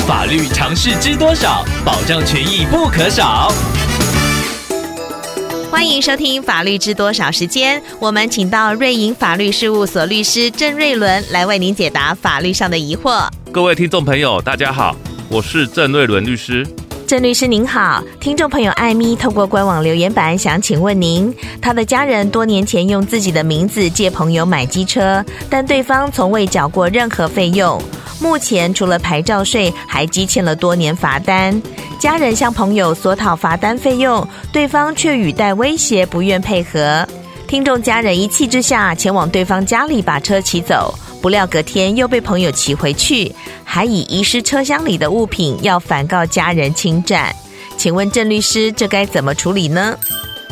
法律常識知多少，保障權益不可少。歡迎收聽《法律知多少》時間，我們請到瑞瀛法律事務所律師鄭瑞崙來為您解答法律上的疑惑。各位聽眾朋友，大家好，我是鄭瑞崙律師。鄭律師您好，聽眾朋友艾咪通過官網留言板想請問您，他的家人多年前用自己的名字借朋友買機車，但對方從未繳過任何費用。目前除了牌照稅，還積欠了多年罰單。家人向朋友索討罰單費用，對方卻語帶威脅，不願配合。聽眾家人一氣之下前往對方家裡把車騎走，不料隔天又被朋友騎回去，還以遺失車廂裡的物品要反告家人侵占。請問鄭律師，這該怎麼處理呢？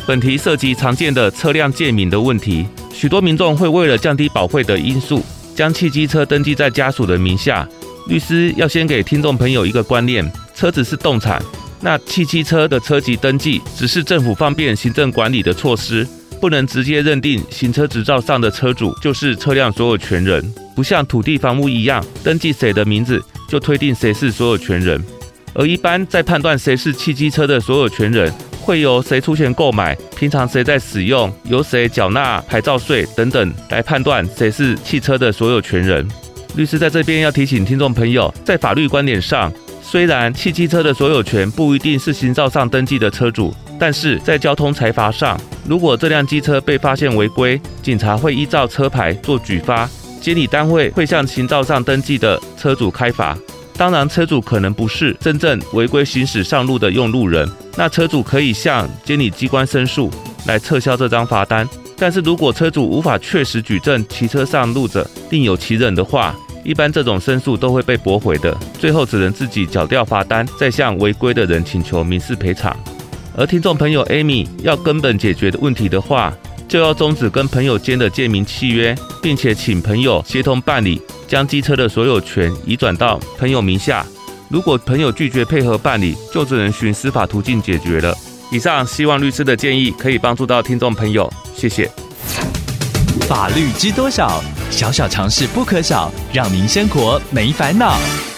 本題涉及常見的車輛借名的問題，許多民眾會為了降低保費的因素。將汽機車登記在家屬的名下，律師要先給聽眾朋友一個觀念：車子是動產，那汽機車的車籍登記只是政府方便行政管理的措施，不能直接認定行車執照上的車主就是車輛所有權人，不像土地房屋一樣，登記誰的名字就推定誰是所有權人。而一般在判斷誰是汽機車的所有權人，會由誰出錢購買？平常誰在使用？由誰繳納牌照稅等等來判斷誰是汽車的所有權人。律師在這邊要提醒聽眾朋友，在法律觀點上，雖然汽機車的所有權不一定是行照上登記的車主，但是在交通裁罰上，如果這輛機車被發現違規，警察會依照車牌做舉發，監理單位會向行照上登記的車主開罰。當然，車主可能不是真正違規行駛上路的用路人，那車主可以向監理機關申訴來撤銷這張罰單。但是如果車主無法確實舉證騎車上路者另有其人的話，一般這種申訴都會被駁回的，最後只能自己繳掉罰單，再向違規的人請求民事賠償。而聽眾朋友 Amy 要根本解決的問題的話，就要終止跟朋友間的借名契約，並且請朋友協同辦理。將機車的所有權移轉到朋友名下，如果朋友拒絕配合辦理，就只能循司法途徑解決了。以上希望律師的建議可以幫助到聽眾朋友，謝謝。法律知多少？小小常識不可少，讓您生活沒煩惱。